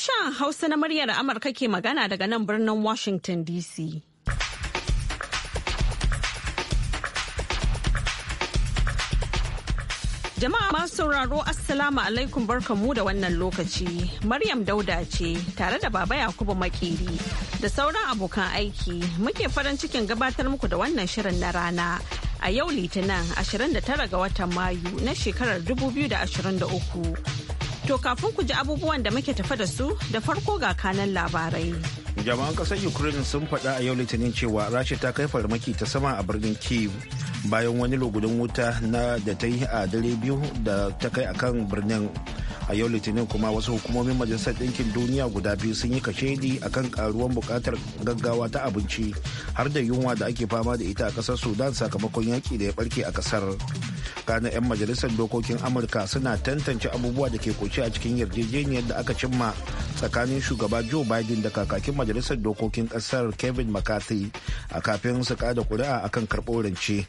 Sasha Hausa na muryar Amurka ke magana daga nan birnin Washington DC. Jama'a masu sauraro Assalamu alaikum barkanmu da wannan lokaci. Maryam Dauda ce tare da Baba Yakubu Makeri da sauran abokan aiki muke farin cikin gabatar muku da wannan shirin na rana. A yau Litinin 29 ga watan Mayu na shekarar 2023. To kafin ku ji abubuwan da muke tafa da su da farko ga kanan labarai. Jama'an kasar Ukraine sun faɗa a yau Litinin cewa Rasha ta kai farmaki ta sama a birnin Kyiv bayan wani lugudin wuta na da ta yi a dare biyu da ta kai akan birnin. A yau Litinin kuma wasu hukumomin Majalisar Ɗinkin Duniya guda biyu sun yi kashedi a kan karuwan buƙatar gaggawa ta abinci har da yunwa da ake fama da ita a ƙasar Sudan sakamakon yaƙi da ya ɓarke a ƙasar. kana 'yan majalisar dokokin amurka suna tantance abubuwa da ke kuce a cikin yarjejeniyar da aka cimma tsakanin shugaba joe biden da kakakin majalisar dokokin kasar kevin mccarthy a kafin su kada kuri'a akan karɓo rance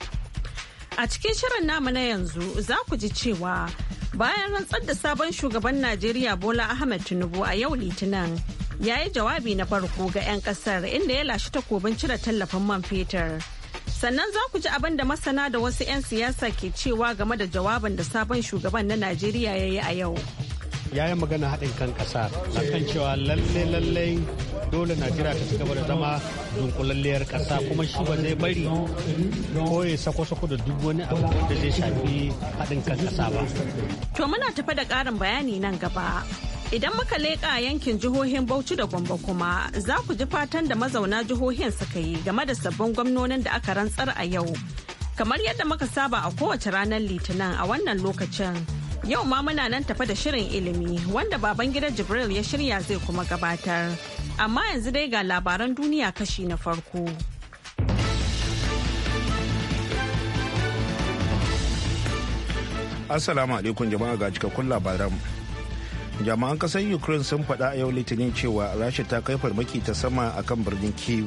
a cikin shirin namu na yanzu za ku ji cewa bayan rantsar da sabon shugaban najeriya bola ahmed tinubu a yau litinin ya yi jawabi na farko ga 'yan kasar inda ya lashe takobin cire tallafin man fetur. Sannan za ku ji abin da masana da wasu 'yan siyasa ke cewa game da jawabin da sabon shugaban na Najeriya ya yi a yau. ya yi magana haɗin kan ƙasa na kan cewa lalle lalle dole najeriya ta cigaba da zama dunkulalliyar ƙasa kuma shi ba zai bari ko ya sako-sako da duk wani abu da zai shafi haɗin kan ƙasa ba. to muna tafa da ƙarin bayani nan gaba. Idan muka leƙa yankin jihohin Bauchi da Gombe kuma za ku ji fatan da mazauna jihohin suka yi game da sabbin gwamnonin da aka rantsar a yau. Kamar yadda muka saba a kowace ranar Litinin a wannan lokacin. Yau ma muna nan tafa da shirin ilimi wanda baban gida Jibril ya shirya zai kuma gabatar. Amma yanzu dai ga labaran duniya kashi na farko. Assalamu alaikum jama'a ga cikakkun labaran. jama'an kasar ukraine sun faɗa a yau litinin cewa rasha ta kai farmaki ta sama akan birnin kiev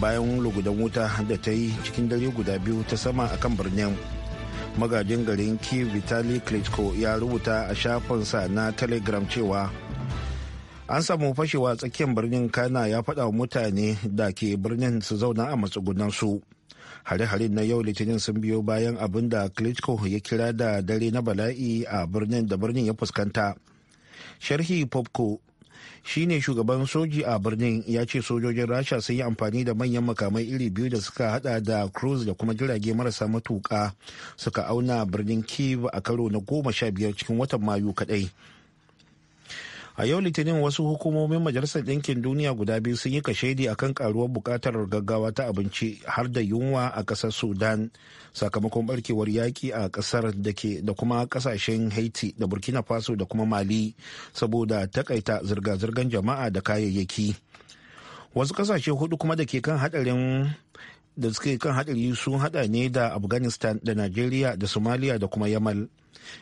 bayan lugudan wuta da ta yi cikin dare guda biyu ta sama akan birnin magajin garin kiev vitali klitko ya rubuta a shafinsa na telegram cewa an samu fashewa tsakiyar birnin kana ya faɗa wa mutane da ke birnin su zauna a su hare-hare na yau litinin sun biyo bayan abin da klitko ya kira da dare na bala'i a birnin da birnin ya fuskanta sharhi popko shine shugaban soji a birnin ya ce sojojin rasha sun yi amfani da manyan makamai iri biyu da suka hada da cruise da kuma jirage marasa matuka suka auna birnin kiev a karo na goma sha biyar cikin watan mayu kadai a yau litinin wasu hukumomin majalisar ɗinkin duniya guda biyu sun yi kashedi akan karuwar buƙatar gaggawa ta abinci har da yunwa a ƙasar sudan sakamakon barkewar yaƙi a ƙasar da ke da kuma ƙasashen haiti da burkina faso da kuma mali saboda takaita zirga-zirgar jama'a da kayayyaki wasu ƙasashe hudu kuma da ke kan haɗarin da suke kan haɗari sun haɗa ne da afghanistan da nigeria da somalia da kuma yamal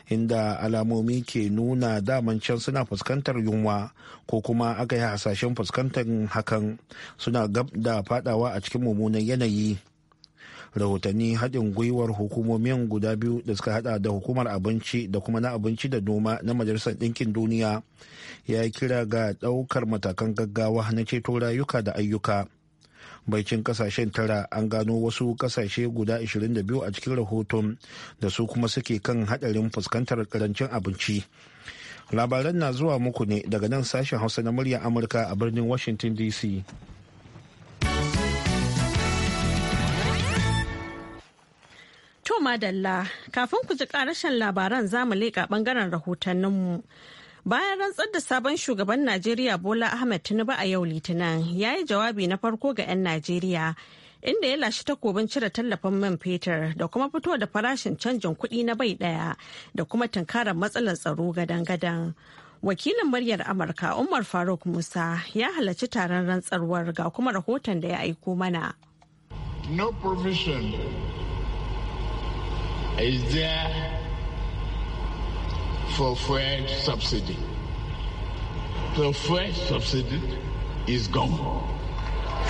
inda alamomi ke nuna daman can suna fuskantar yunwa ko kuma aka yi hasashen fuskantar hakan suna gab da fadawa a cikin mummunan yanayi rahotanni haɗin gwiwar hukumomin guda biyu da suka hada da hukumar abinci da kuma na abinci da noma na majalisar ɗinkin duniya ya kira ga ɗaukar matakan gaggawa na ceto rayuka da ayyuka baikin kasashen tara an gano wasu kasashe guda 22 a cikin rahoton da su kuma suke kan hadarin fuskantar karancin abinci labaran na zuwa muku ne daga nan sashen hausa na murya amurka a birnin washington dc To madalla kafin ku ji karashen labaran za zamu leƙa bangaren rahotanninmu. Bayan rantsar da sabon shugaban Najeriya Bola Ahmed Tinubu a yau Litinin ya yi jawabi na farko ga 'yan Najeriya inda ya lashe takobin cire tallafin man fetur da kuma fito da farashin canjin kuɗi na bai ɗaya da kuma tunkarar matsalar tsaro gadan-gadan. Wakilin muryar Amurka Umar Faruk Musa ya halarci taron rantsarwar ga kuma rahoton da ya aiko mana. No for fuel subsidy. The fuel subsidy is gone.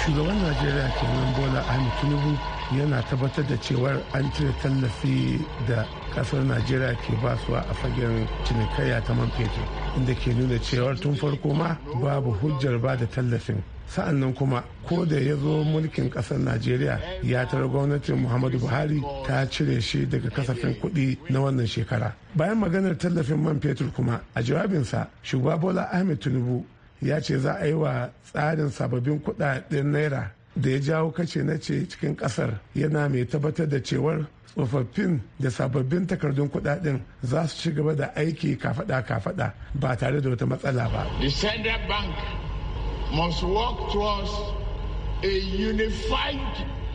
Shugaban Najeriya kenan Bola Ahmed Tinubu yana tabbatar da cewar an cire tallafi da kasar najeriya ke basuwa a fagen cinikayya ta man fetur inda ke nuna cewar tun farko ma babu hujjar ba da tallafin sa'annan kuma ko da ya zo mulkin kasar najeriya ya tara gwamnatin muhammadu buhari ta cire shi daga kasafin kuɗi na wannan shekara bayan maganar tallafin man fetur kuma a jawabinsa shugaba bola ahmed tinubu ya ce za a yi wa tsarin sababbin kuɗaɗen naira da ya jawo kace na ce cikin kasar yana mai tabbatar da cewar tsofaffin da sababbin takardun kudaden za su ci gaba da aiki kafada kafada ba tare da wata matsala ba. The Bank must work towards a unified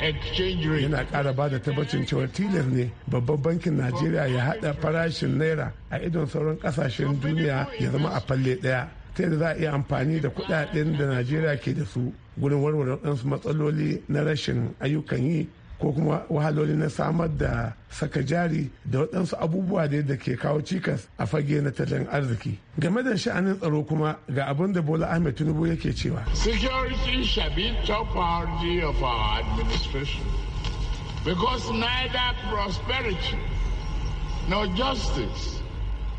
exchange rate. Yana ƙara ba da tabbacin cewa tilar ne babban bankin Najeriya ya haɗa farashin naira a idon sauran ƙasashen duniya ya zama a falle ɗaya. ta yadda za a iya amfani da kuɗaɗen da Najeriya ke da su gurin warware waɗansu matsaloli na rashin ayyukan yi ko kuma wahaloli na samar da saka jari da waɗansu abubuwa da da ke kawo cikas a fage na tattalin arziki game da sha'anin tsaro kuma ga abin da bola ahmed tinubu yake cewa security should be top priority of our administration because neither prosperity nor justice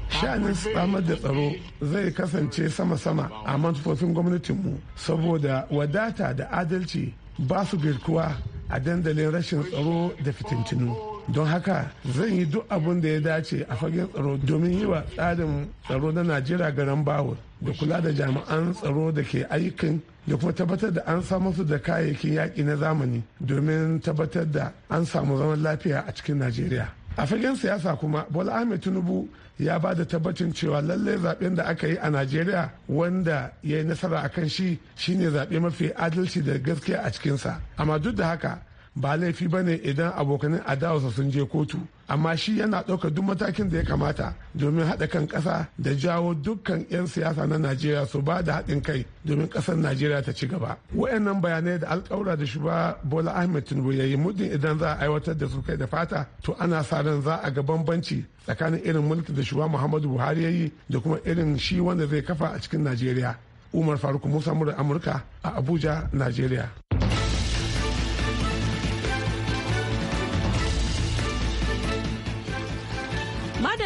sha'anin samar da tsaro zai kasance sama-sama a manufofin gwamnatinmu saboda wadata da adalci ba su girkuwa a dandalin rashin tsaro da fitintinu don haka zan yi duk abin da ya dace a fagen tsaro domin yi wa tsarin tsaro na najeriya garan bawul da kula da jami'an tsaro da ke aikin da kuma tabbatar da an samu su da kayayyakin yaƙi na zamani domin tabbatar da an samu zaman lafiya a cikin najeriya a fagen siyasa kuma bola ahmed tinubu ya ba da tabbacin cewa lalle zaɓen da aka yi a najeriya wanda ya yi nasara a kan shi shine zaɓe mafi adalci da gaskiya a cikinsa amma duk da haka ba laifi ba ne idan abokanin adawarsa sun je kotu amma shi yana ɗaukar duk matakin da ya kamata domin haɗa kan ƙasa da jawo dukkan 'yan siyasa na najeriya su ba da haɗin kai domin ƙasar najeriya ta ci gaba wayannan bayanai da alƙawura da shugaba bola ahmed tinubu ya yi muddin idan za a aiwatar da su kai da fata to ana sa ran za a ga bambanci tsakanin irin mulki da shugaba muhammadu buhari ya yi da kuma irin shi wanda zai kafa a cikin najeriya umar faruk musa murar amurka a abuja najeriya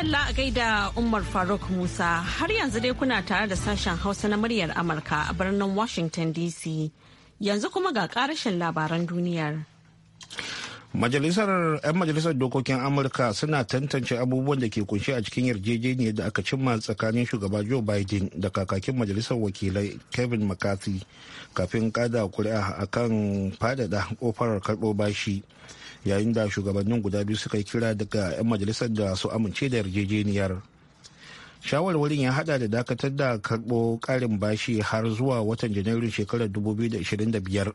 Madalla a gaida Umar Faruk Musa har yanzu dai kuna tare da sashen Hausa na muryar Amurka a birnin Washington DC. Yanzu kuma ga karashin labaran duniyar. Majalisar 'yan majalisar dokokin Amurka suna tantance abubuwan da ke kunshi a cikin yarjejeniyar da aka cimma tsakanin shugaba Joe Biden da kakakin majalisar wakilai Kevin McCarthy kafin kada kuri'a akan fadada kofar karɓo bashi. yayin da shugabannin guda biyu suka yi kira daga 'yan majalisar da su amince da yarjejeniyar shawarwarin ya hada da dakatar da karbo karin bashi har zuwa watan janairun shekarar 2025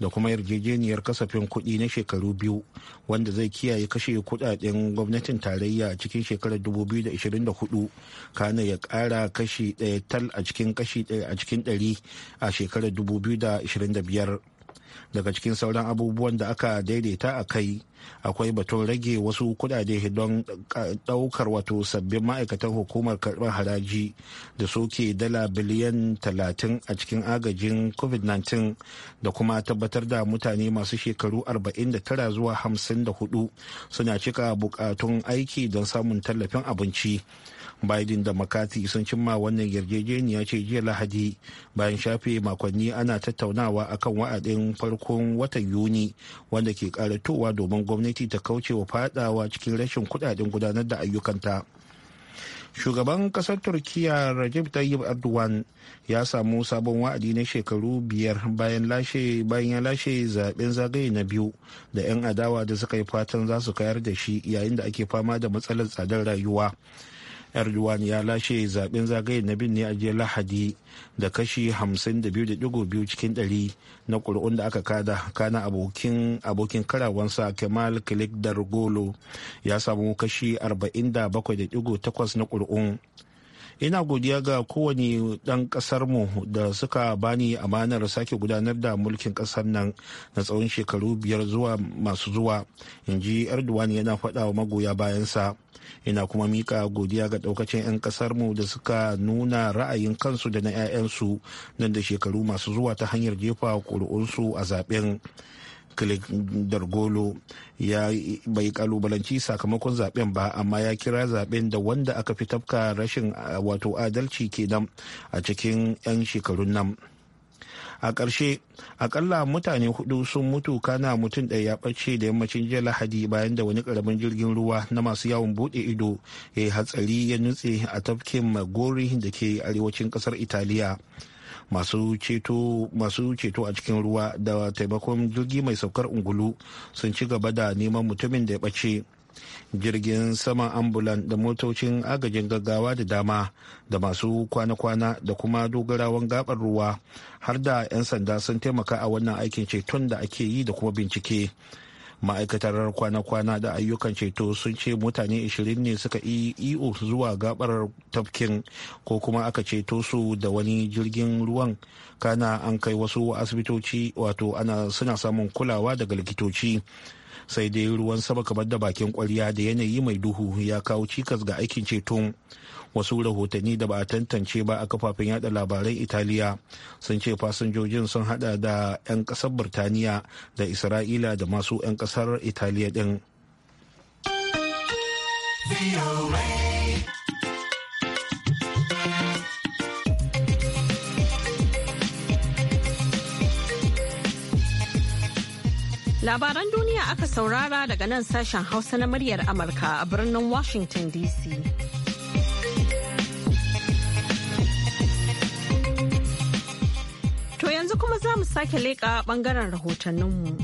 da kuma yarjejeniyar kasafin kuɗi na shekaru biyu wanda zai kiyaye kashe kudaden gwamnatin tarayya cikin shekarar 2024 kana ya kara kashi ɗaya tal a cikin kashi ɗaya a cikin ɗari a shekarar 2025 daga cikin sauran abubuwan da aka daidaita a kai akwai batun rage wasu kudade don daukar wato sabbin ma'aikatan hukumar karbar haraji da soke dala biliyan talatin a cikin agajin covid-19 da kuma tabbatar da mutane masu shekaru 49 zuwa 54 suna cika bukatun aiki don samun tallafin abinci biden da makati sun cimma wannan yarjejeniya ce jiya lahadi bayan shafe makonni ana tattaunawa akan wa'adin farkon watan yuni wanda ke karatowa domin gwamnati ta kauce wa fadawa cikin rashin kudaden gudanar da ayyukanta shugaban kasar turkiya rajab tayyip erdogan ya samu sabon wa'adi na shekaru biyar bayan lashe bayan ya lashe zaben zagaye na biyu da 'yan adawa da suka yi fatan za su kayar da shi yayin da ake fama da matsalar tsadar rayuwa erdogan ya lashe zaben zagaye na bin ne a jiya lahadi da kashi 52.2 cikin 100 na ƙuri'un da aka kada kana abokin abokin karawansa kemal kilik dargolo ya samu kashi 47.8 na ƙuri'un ina godiya ga kowane ɗan ƙasarmu da suka bani amanar sake gudanar da mulkin ƙasar nan na tsawon shekaru biyar zuwa masu zuwa in ji erdogan yana faɗa wa magoya bayansa ina kuma mika godiya ga ɗaukacin 'yan ƙasarmu da suka nuna ra'ayin kansu da na 'ya'yansu nan da shekaru masu zuwa ta hanyar jefa ƙuri'unsu a zaɓen Click Dargolo ya bai kalubalanci sakamakon zaben ba amma ya kira zaben da wanda aka fi tafka rashin wato adalci kenan a cikin 'yan shekarun nan. a ƙarshe akalla mutane hudu sun mutu kana mutum ɗaya ya ɓace da yammacin jiya lahadi bayan da wani ƙaramin jirgin ruwa na masu yawon buɗe ido ya yi hatsari ya nutse a tafkin magori da ke arewacin ƙasar italiya masu ceto a cikin ruwa da taimakon jirgi mai saukar ungulu sun ci gaba da neman mutumin da ya ɓace jirgin saman ambulan da motocin agajin gaggawa da dama da masu kwana-kwana da kuma dogarawan gabar ruwa har da 'yan sanda sun taimaka a wannan aikin ceton da ake yi da kuma bincike ma'aikatar kwana-kwana da ayyukan ceto sun ce mutane 20 ne suka yi iyo zuwa gabar tafkin ko kuma aka ceto su da wani jirgin ruwan kana an kai wasu asibitoci wato ana suna samun kulawa daga likitoci sai dai ruwan sama kamar da bakin kwarya da yanayi mai duhu ya kawo cikas ga aikin ceton wasu rahotanni da ba a tantance ba a kafafen yada labaran italiya sun ce fasinjojin sun hada da 'yan kasar birtaniya da isra'ila da masu 'yan kasar italiya din Labaran duniya aka saurara daga nan sashen Hausa na muryar Amurka a birnin Washington DC. yanzu kuma za mu sake leƙa ɓangaren rahotanninmu.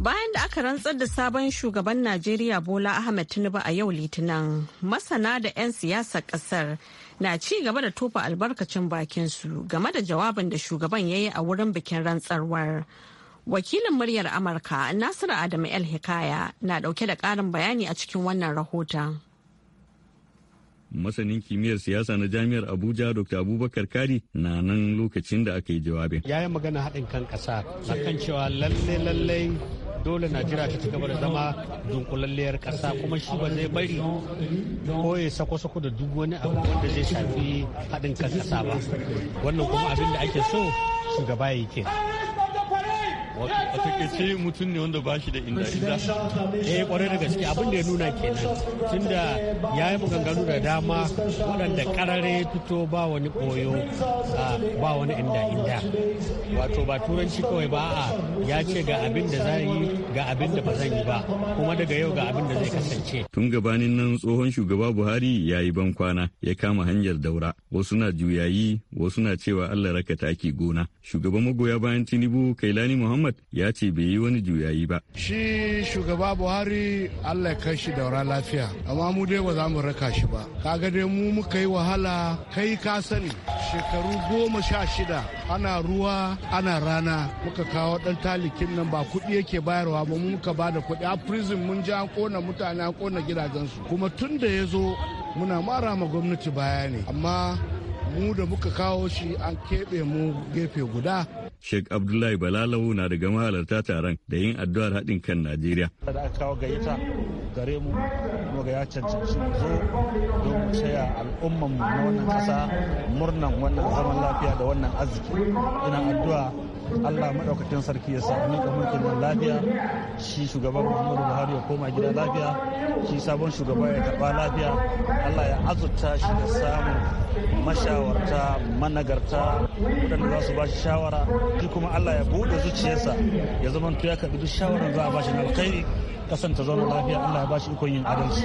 Bayan da aka rantsar da sabon shugaban Najeriya Bola Ahmed Tinubu a yau Litinin, masana da 'yan siyasar ƙasar na ci gaba da tofa albarkacin bakinsu game da jawabin da shugaban ya yi a wurin bikin rantsarwar. Wakilin muryar Amurka Nasiru Adamu El Hikaya na ɗauke da ƙarin bayani a cikin wannan rahoton. masanin kimiyyar siyasa na jami'ar abuja dr abubakar kari na nan lokacin da aka yi jawabin ya yi magana haɗin kan ƙasa na kan cewa lalle lalle dole najeriya ta ci gaba da zama dunkulalliyar ƙasa kuma shi ba zai bari ko ya sako sako da duk wani abu wanda zai shafi haɗin kan ƙasa ba wannan kuma abin da ake so shugaba ya yi kenan a mutum ne wanda ba shi da inda inda yi eh, kwarai da gaske abin da ya nuna kenan tunda ya yi maganganu da dama waɗanda ya fito ba wani koyo ba wani inda inda wato ba turanci kawai ba a ya ce ga abin da zan yi ga abin da ba zan yi ba kuma daga yau ga abin da zai kasance tun gabanin nan tsohon shugaba buhari ya yi ban kwana ya kama hanyar daura wasu na juyayi wasu na cewa allah raka taki gona shugaban magoya bayan tinubu kailani muhammad Muhammad ya ce bai yi wani juyayi ba. Shi shugaba Buhari Allah ya kai shi daura lafiya amma mu dai ba za mu raka shi ba. Kaga dai mu muka yi wahala kai ka sani shekaru goma sha shida ana ruwa ana rana muka kawo dan talikin nan ba kuɗi yake bayarwa ba mu muka bada kuɗi a prison mun ji an kona mutane an kona su. kuma tun da ya zo muna mara ma gwamnati baya ne amma mu da muka kawo shi an keɓe mu gefe guda Sheikh Abdullahi Balalau na daga mahalarta taron da yin addu'ar haɗin kan Najeriya. Da aka kawo gayyata gare mu kuma ga ya cancanci mu zo don mu taya al'umman mu na wannan ƙasa murnan wannan zaman lafiya da wannan arziki. Ina addu'a allah maɗaukakin sarki ya sa miƙa mulkin nan lafiya shi shugaban muhammadu buhari ya koma gida lafiya shi sabon shugaba ya taɓa lafiya allah ya azurta shi da samun mashawarta managarta waɗanda za su ba shi shawara shi kuma allah ya buɗe zuciyarsa ya zama ya karɓi duk za a ba shi na alkhairi ƙasan ta zauna lafiya allah ya ba shi ikon yin adalci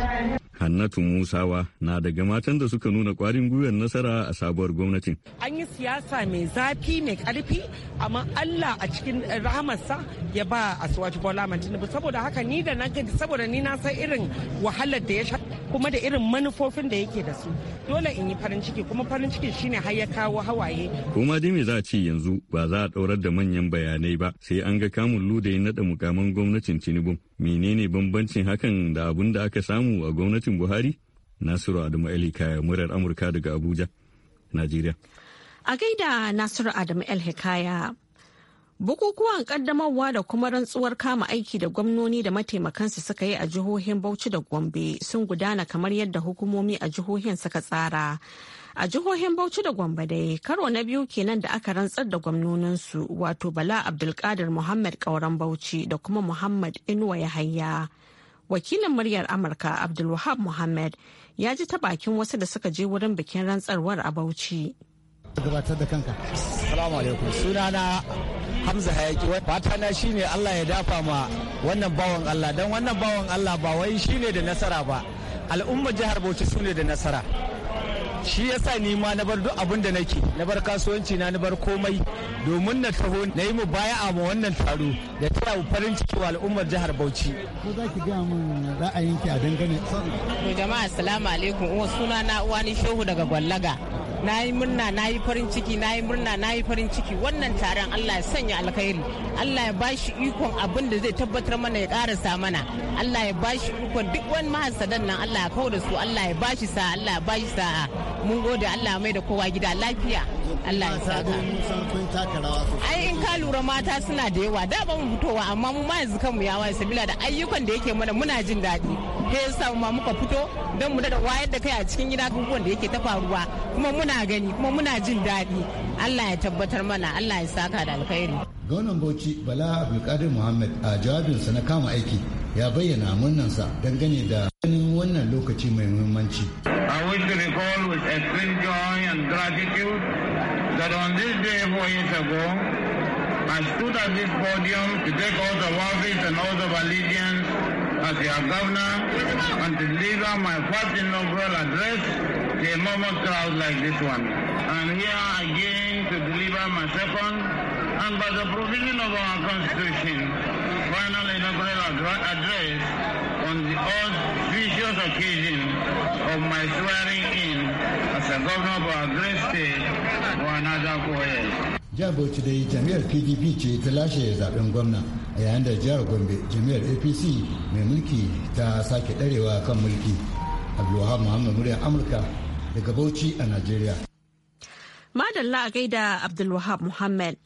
Hannatu Musawa na daga matan da suka nuna kwarin gwiwar nasara a sabuwar gwamnatin. An yi siyasa mai zafi mai karfi amma Allah a cikin rahamarsa ya ba a suwaci Bola Tinubu saboda haka ni da na saboda ni na san irin wahalar da ya sha kuma da irin manufofin da yake da su dole in yi farin ciki kuma farin ciki shine har ya kawo hawaye kuma dai me za ce yanzu ba za a daurar da manyan bayanai ba sai an ga kamun ya naɗa mukaman gwamnatin tinubu menene bambancin hakan da abun da aka samu a gwamnatin buhari nasiru adamu ali kaya murar amurka daga abuja najeriya a gaida nasiru adamu el hikaya Bukukuwan kaddamarwa da kuma rantsuwar kama aiki da gwamnoni da mataimakansu suka yi a jihohin Bauchi da Gombe sun gudana kamar yadda hukumomi a jihohin suka tsara. A jihohin Bauchi da Gombe dai karo na biyu kenan da aka rantsar da gwamnoninsu wato Bala Abdulkadir Muhammad Kauran Bauchi da kuma Muhammad Inuwa Yahaya. Wakilin muryar Amurka Abdulwahab Muhammad ya ji ta bakin wasu da suka je wurin bikin rantsarwar a Bauchi. Gabatar da kanka. Assalamu alaikum. Sunana hamza hayaki fata na shine allah ya dafa ma wannan bawan allah don wannan bawan allah ba wai shine da nasara ba al'ummar jihar bauchi su ne da nasara shi yasa ni ma na bar duk abin da nake na bar kasuwanci na na bar komai domin na taho na yi mu baya a ma wannan taro da tara farin ciki wa al'ummar jihar Bauchi ko za ki ga mun ra'ayinki a dangane to jama'a assalamu alaikum uwa suna na uwani shehu daga gwallaga na yi murna na yi farin ciki na yi murna na yi farin ciki wannan taron allah ya sanya alkhairi Allah ya bashi ikon abin da zai tabbatar mana ya karasa mana Allah ya bashi ikon duk wani mahasadan nan Allah ya kawo da su Allah ya bashi sa Allah ya bashi sa'a mun gode Allah mai da kowa gida lafiya Allah ya saka ai in ka lura mata suna da yawa da ba mu fitowa amma mu ma yanzu kanmu ya waye sabila da ayyukan da yake mana muna jin daɗi ke yasa ma muka fito don mu da wayar da kai a cikin gida abubuwan da yake ta faruwa kuma muna gani kuma muna jin daɗi Allah ya tabbatar mana Allah ya saka da alkhairi Gwamnan Bauchi Bala Abdulkadir Muhammad a jawabinsa na kama aiki ya bayyana murnansa dangane da wannan lokaci mai muhimmanci. I wish to recall with extreme joy and gratitude that on this day four years ago, I stood at this podium to take all the office and all the allegiance as your governor and to deliver my first inaugural address to a moment crowd like this one. And here again to deliver my second and by the provision of our Constitution, final inaugural address on the auspicious occasion of my swearing in as a governor of our great state for another four years. pdp ce ta lashe zaben gwamna a yayin da gombe jami'ar apc mai mulki ta sake darewa kan mulki abdulwahab muhammad muryar amurka daga bauchi a najeriya madalla a Abdul Wahab muhammad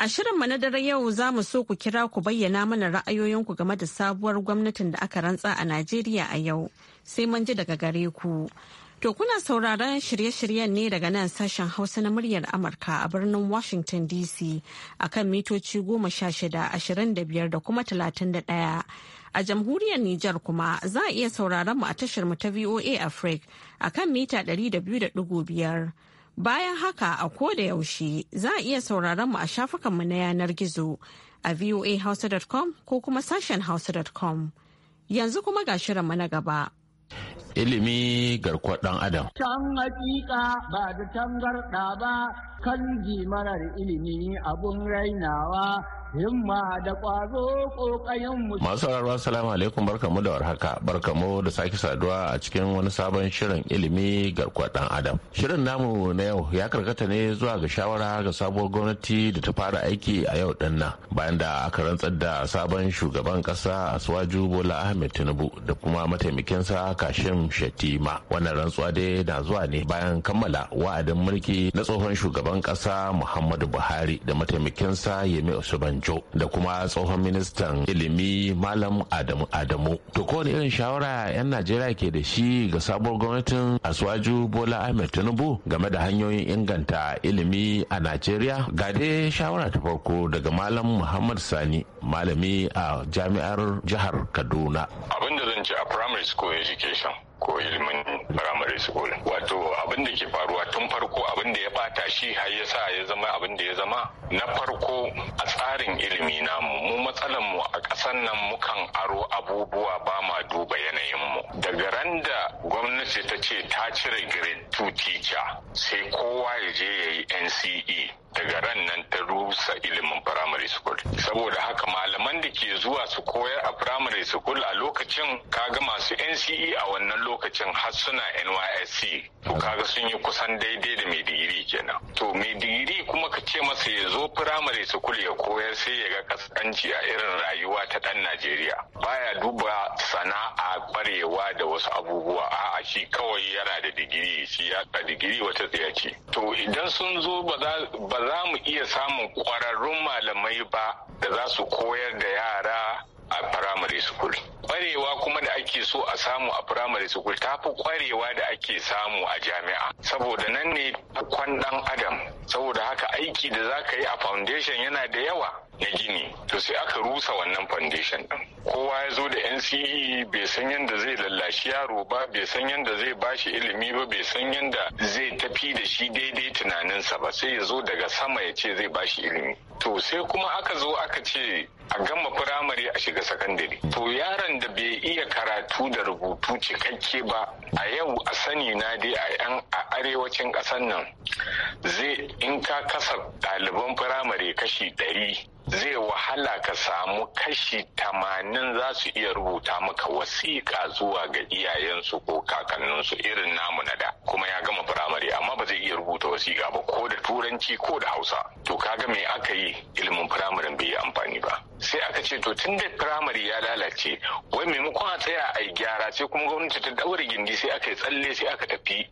A shirinmu na dare yau za mu so ku kira ku bayyana mana ra'ayoyinku game da sabuwar gwamnatin da aka rantsa a Najeriya a yau. Sai mun ji daga gare ku. To kuna sauraron shirye-shiryen ne daga nan sashen Hausa na muryar Amurka a birnin Washington DC a kan mitoci goma sha shida, ashirin da biyar da kuma talatin da ɗaya. A jamhuriyar Nijar kuma za a iya sauraron mu a tashar mu ta VOA Africa a kan mita ɗari da biyu da ɗigo biyar. Bayan haka a ko da yaushe za a iya sauraron mu a shafukanmu na yanar gizo a voahausa.com ko kuma sashen hausa.com. Yanzu kuma ga shirinmu na gaba. Ilimi garkuwar ɗan Adam. Can hakika ba da tangarɗa ba kan marar ilimi abun rainawa himma da ƙwazo ƙoƙayen mu. Masu sauraro assalamu alaikum barkamu da warhaka barkamu da sake saduwa a cikin wani sabon shirin ilimi garkuwar ɗan adam. Shirin namu na yau ya karkata ne zuwa ga shawara ga sabuwar gwamnati da ta fara aiki a yau din nan bayan da aka rantsar da sabon shugaban ƙasa aswaju Bola Ahmed Tinubu da kuma mataimakinsa Kashim Shettima. Wannan rantsuwa dai na zuwa ne bayan kammala wa'adin mulki na tsohon shugaban ƙasa Muhammadu Buhari da mataimakinsa Yemi Osubanjo. Obanjo da kuma tsohon ministan ilimi Malam Adamu Adamu. To kowane irin shawara 'yan Najeriya ke da shi ga sabuwar gwamnatin Asuwaju Bola Ahmed Tinubu game da hanyoyin inganta ilimi a Najeriya? gade shawara ta farko daga Malam Muhammad Sani, malami a jami'ar jihar Kaduna. Abin da zan ce a primary school education ko ilimin primary school wato abin da ke faruwa tun farko abin da ya bata shi har ya sa ya zama abin da ya zama na farko a tsarin ilimi namu mu matsalan mu a ƙasan nan mukan aro abubuwa ba ma duba yanayin mu daga ran da gwamnati ta ce ta cire grade 2 teacher sai kowa ya je ya yi NCE daga ran nan ta rusa ilimin primary school saboda haka malaman da ke zuwa su koyar a primary school a lokacin kaga masu NCE a wannan lokacin har suna NYSC to kaga sun yi kusan daidai da mai digiri kenan to mai digiri kuma ka ce masa ya zo primary school ya koyar sai ya ga kaskanci a irin rayuwa ta dan Najeriya baya duba sana'a kwarewa da wasu abubuwa a'a shi kawai yana da digiri shi ya digiri wata tsaya to idan sun zo ba za ba za mu iya samun ƙwararrun malamai ba da za su koyar da yara a primary school kwarewa kuma da ake so a samu a primary school ta fi kwarewa da ake samu a jami'a saboda nan ne kwan dan adam saboda haka aiki da za ka yi a foundation yana da yawa na gini to sai aka rusa wannan foundation din kowa ya zo da nce bai san yadda zai lallashi yaro ba bai san yadda zai bashi ilimi ba bai san yadda zai tafi da shi daidai tunaninsa ba sai ya zo daga sama ya ce zai bashi ilimi to sai kuma aka zo aka ce a gama firamare a shiga sakandare to yaron da bai iya karatu da rubutu cikakke ba a yau a sani na dai a yan a arewacin ƙasar nan zai in ka kasa ɗaliban firamare kashi ɗari zai wahala ka samu kashi tamanin za su iya rubuta maka wasiƙa zuwa ga iyayensu ko kakanninsu irin namu na da kuma ya gama firamare amma ba zai iya rubuta wasiƙa ba ko da turanci ko da hausa to kaga me aka yi ilimin firamaren bai yi amfani ba sai aka ce to tun da firamare ya lalace wai maimakon a tsaya a yi gyara sai kuma gwamnati ta daure gindi sai aka yi tsalle sai aka tafi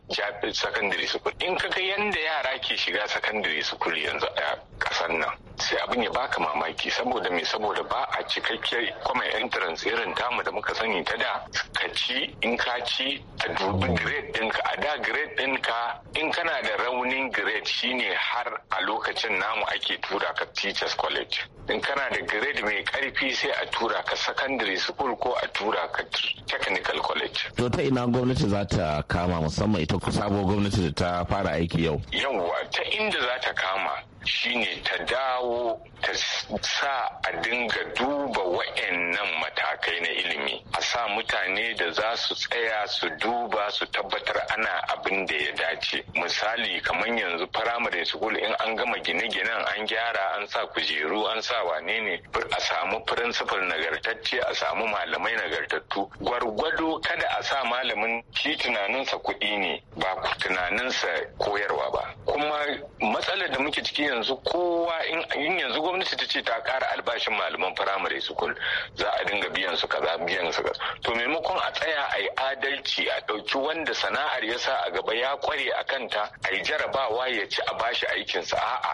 sakandare school in ka ga yanda yara ke shiga sakandare sukuri yanzu a kasan nan sai abin ya baka mamaki saboda me saboda ba a cikakkiyar kuma entrance irin tamu da muka sani ta da ka ci in ka ci a dubi grade ɗinka a da grade ɗinka in kana da raunin grade shine har a lokacin namu ake tura ka teachers college in kana da grade mai karfi sai a tura ka secondary school ko a tura ka technical college to ta ina gwamnati za ta kama musamman ita sabo gwamnati da ta fara aiki yau yauwa ta inda za ta kama shine ta ta dawo ta sa a dinga duba wa'annan matakai na ilimi a sa mutane da za su tsaya su duba su tabbatar ana abin da ya dace misali kamar yanzu firamare school in an gama gine-ginen an gyara an sa kujeru an sa wane ne a samu firinsifal nagartacce a samu malamai nagartattu gwargwado kada a sa malamin shi tunaninsa kuɗi ne ba tunaninsa koyarwa ba kuma matsalar da muke ciki yanzu ko kowa in yanzu gwamnati ta ce ta kara albashin malaman firamare sukul za a dinga biyan su kaza biyan su kaza to maimakon a tsaya a yi adalci a ɗauki wanda sana'ar ya sa a gaba ya kware a kanta a yi jarabawa ya ci a bashi aikinsa a'a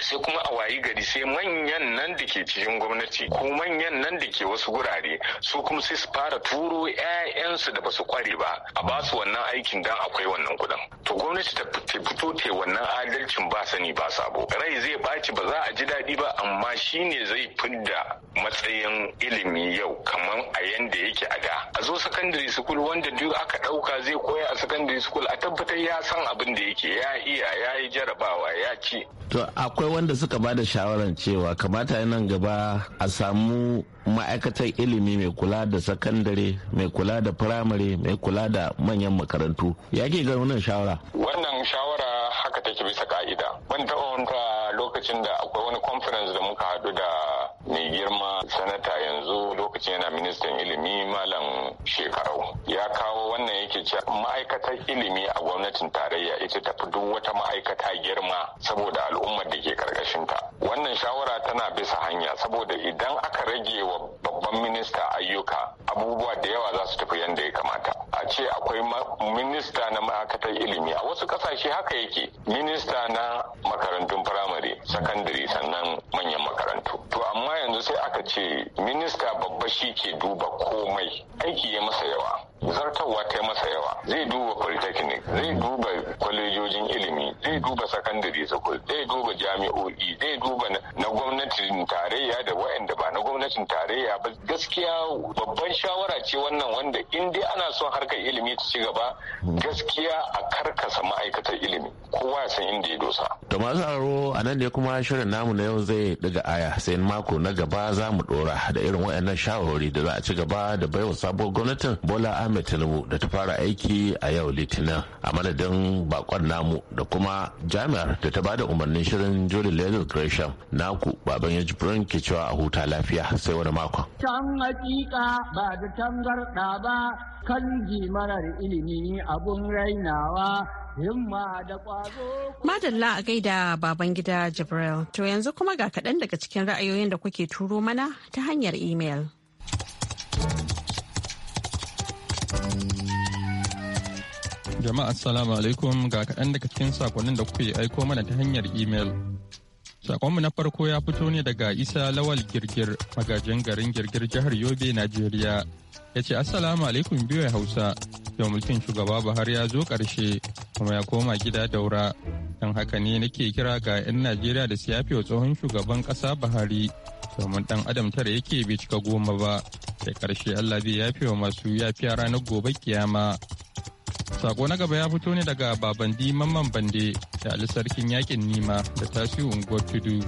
sai kuma a wayi gari sai manyan nan da ke cikin gwamnati ko manyan nan da ke wasu gurare su kuma sai su fara turo 'ya'yansu da basu kware ba a ba su wannan aikin dan akwai wannan kuɗin to gwamnati ta fito ta wannan adalcin ba sani ba sabo rai zai baci ci ba za a ji daɗi ba amma shi ne zai fidda matsayin ilimi yau kamar a yanda yake a da a zo secondary school wanda duk aka ɗauka zai koya a secondary school a tabbatar ya san abin da yake ya iya ya yi jarabawa ya ci to akwai wanda suka ba da shawaran cewa kamata nan gaba a samu ma'aikatar ilimi mai kula da sakandare mai kula da firamare mai kula da manyan makarantu ya ke ga wannan shawara wannan shawara haka take bisa ka'ida ban taɓa lokacin da akwai wani conference da muka haɗu da mai girma sanata yanzu lokacin yana ministan ilimi malam shekaru. ya kawo wannan yake ce ma'aikatar ilimi a gwamnatin tarayya ita ta fi duk wata ma'aikata girma saboda al'ummar da ke karkashinta wannan shawara tana bisa hanya saboda idan aka rage wa babban minista ayyuka abubuwa da yawa za su tafi yadda ya kamata a ce akwai minista na ma'aikatar ilimi a wasu kasashe haka yake minista na makarantun firamare sakandare sannan manyan sai aka ce minista babba shi ke duba komai aiki ya masa yawa zartarwa ta masa yawa zai duba polytechnic zai duba kwalejojin ilimi zai duba sakandare school zai duba jami'o'i zai duba na gwamnatin tarayya da waɗanda ba na gwamnatin tarayya ba gaskiya babban shawara ce wannan wanda in dai ana son harkar ilimi ta ci gaba gaskiya a karkasa ma'aikatar ilimi kowa ya san inda ya dosa. to masu aro a nan ne kuma shirin namu na yau zai daga aya sai mako na gaba za mu dora da irin wa'annan shawarwari da za a ci gaba da baiwa sabuwar gwamnatin bola ahmed tinubu da ta fara aiki a yau litinin a madadin bakon namu da kuma jami'ar da ta bada umarnin shirin jolly lenin gresham naku baban ya ji ke cewa a huta lafiya sai wani makon. can hakika ba da tangarda ba kan marar ilimi abun rainawa Madalla a gaida baban gida Jibril, to yanzu kuma ga kaɗan daga cikin ra'ayoyin da kuke turo mana ta hanyar imel. Jama'a assalamu alaikum ga kaɗan daga cikin sakonnin da kuke aiko mana ta hanyar imel. Sakonmu na farko ya fito ne daga Isa Lawal Girgir, magajin garin Girgir jihar Yobe, Najeriya. Ya ce Assalamu alaikum biyu Hausa, yau mulkin shugaba Buhari ya zo karshe kuma ya koma gida daura. Don haka ne nake kira ga 'yan Najeriya da wa tsohon shugaban ƙasa Buhari, domin dan adam tara yake bai cika goma ba. Da karshe Allah zai yafi wa masu yafiya ranar gobe kiyama. Sako na gaba ya fito ne daga Babandi Mamman Bande da Ali Sarkin Yakin Nima da tasi Unguwar Tudu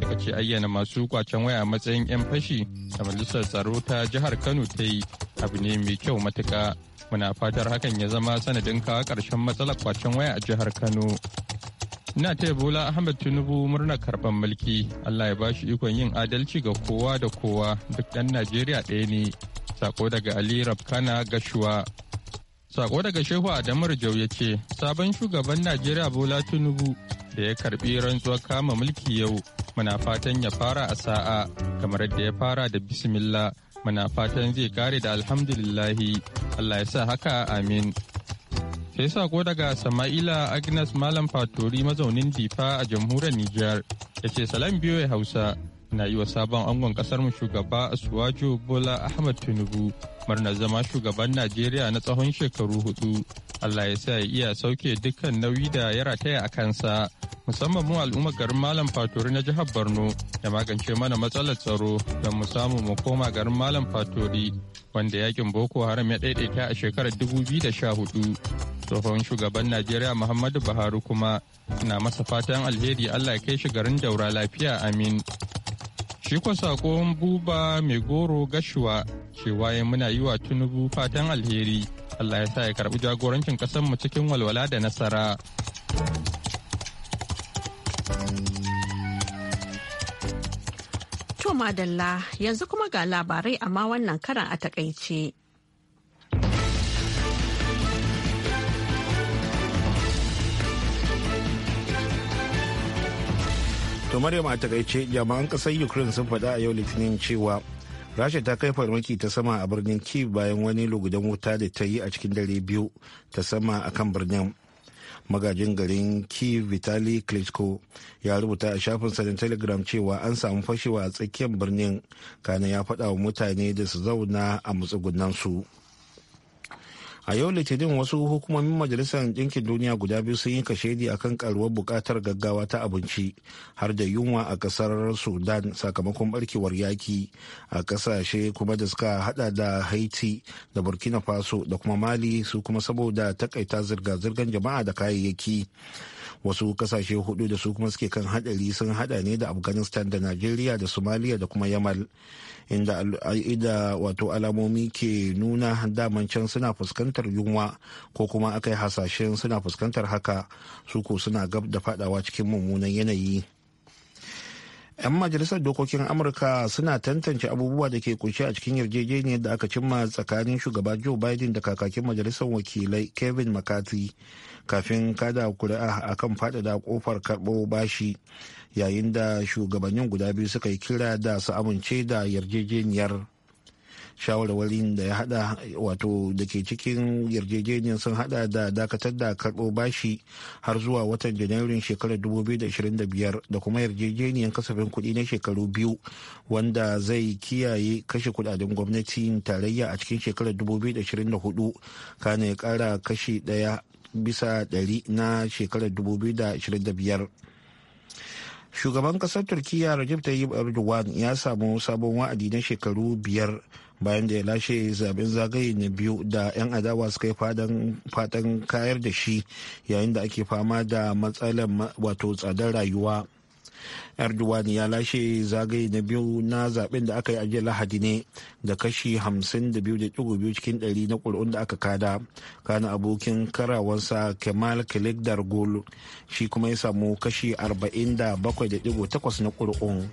suka ce ayyana masu kwacen waya matsayin 'yan fashi da Majalisar Tsaro ta Jihar Kano ta yi abu ne mai kyau matuka Muna fatar hakan ya zama sanadin kawo ƙarshen matsalar kwacen waya a Jihar Kano. Ina taya Bola Ahmed Tinubu murnar karɓar mulki. Allah ya bashi ikon yin adalci ga kowa da kowa duk ɗan Najeriya ɗaya ne. Sako daga Ali Rabkana Gashuwa Sako daga Shehu Adamar Jau ya ce, sabon shugaban Najeriya Bola Tinubu da ya karbi rantsuwar kama mulki yau, muna fatan ya fara a sa'a kamar da ya fara da bismillah, muna fatan zai kare da alhamdulillahi, Allah ya sa haka amin. Sai sako daga Sama'ila Agnes Malam Fatori mazaunin Difa a jamhuriyar Nijar, ya ce salam biyo Hausa. na yi wa sabon angon kasar mu shugaba asuwaju Bola Ahmad Tinubu marna zama shugaban Najeriya na tsawon shekaru hudu. Allah ya sa ya iya sauke dukkan nauyi da ya rataya a kansa. musamman mu al'ummar garin Malam Fatori na jihar Borno da magance mana matsalar tsaro don mu samu mu koma garin Malam Fatori wanda yakin Boko Haram ya daidaita a shekarar 2014. Tsohon shugaban Najeriya Muhammadu Buhari kuma na masa fatan alheri Allah ya kai shi garin daura lafiya amin. Shi ko sakon buba mai goro gashuwa cewa ya muna yi wa Tinubu fatan alheri. Allah ya sa ya karɓi jagorancin mu cikin walwala da nasara. To madalla yanzu kuma ga labarai amma wannan karan a takaice. to maryam a takaice jami'an kasar ukraine sun faɗa a yau litinin cewa rasha ta kai farmaki ta sama a birnin kyiv bayan wani lugudan wuta da ta yi a cikin dare biyu ta sama a kan birnin magajin garin kyiv vitali klitschko ya rubuta a shafin sanin telegram cewa an samu fashewa a tsakiyar birnin kana ya faɗa wa mutane da su zauna a matsugunansu. su a yau litinin wasu hukumomin majalisar ɗinkin duniya guda biyu sun yi kashedi a kan karuwar buƙatar gaggawa ta abinci har da yunwa a ƙasar sudan sakamakon barkewar yaƙi a ƙasashe kuma da suka hada da haiti da burkina faso da kuma mali su kuma saboda takaita zirga-zirgar jama'a da kayayyaki wasu kasashe hudu da su kuma suke kan hadari sun hada ne da afghanistan da nigeria da somalia da kuma yamal inda wato alamomi ke nuna daman can suna fuskantar yunwa ko kuma aka yi hasashen suna fuskantar haka su ko suna gab da fadawa cikin mummunan yanayi 'yan majalisar dokokin amurka suna tantance abubuwa da ke kunshi a cikin yarjejeniyar da aka cimma tsakanin shugaba joe biden da kakakin majalisar wakilai kevin mccarthy kafin kada kuri'a akan faɗaɗa ƙofar karɓo bashi yayin da shugabannin guda biyu suka yi kira da su amince da yarjejeniyar shawarwarin da ya hada wato da ke cikin yarjejeniyar sun hada da dakatar da karbo bashi har zuwa watan janairun shekarar 2025 da kuma yarjejeniyar kasafin kuɗi na shekaru biyu wanda zai kiyaye kashe kudaden gwamnatin tarayya a cikin shekarar 2024 kana ya kara kashi daya bisa ɗari na shekarar 2025 shugaban kasar turkiya rajab tayyip erdogan ya samu sabon wa'adi na shekaru biyar bayan da ya lashe zaben zagaye na biyu da 'yan adawa suka yi fatan kayar da shi yayin da ake fama da matsalar wato tsadar rayuwa erdogan ya lashe zagaye na biyu na zaben da aka yi a jiya lahadi ne da kashi 52.2 cikin 100 na ƙuri'un da aka kada kana abokin karawansa kemal kilik dargol shi kuma ya samu kashi 47.8 na ƙuri'un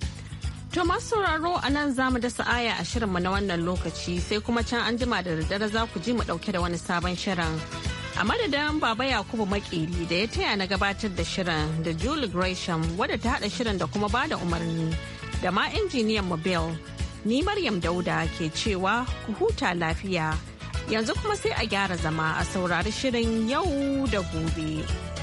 To masu sauraro a nan za mu dasa aya a shirinmu na wannan lokaci sai kuma can an jima da daddare za ku ji mu ɗauke da wani sabon shirin. a madadin baba yakubu makeri da ya taya na gabatar da shirin da julie gresham wadda ta hada shirin da kuma bada umarni da ma injiniyan Mabel ni maryam dauda ke cewa ku huta lafiya yanzu kuma sai a gyara zama a saurari shirin yau da gobe.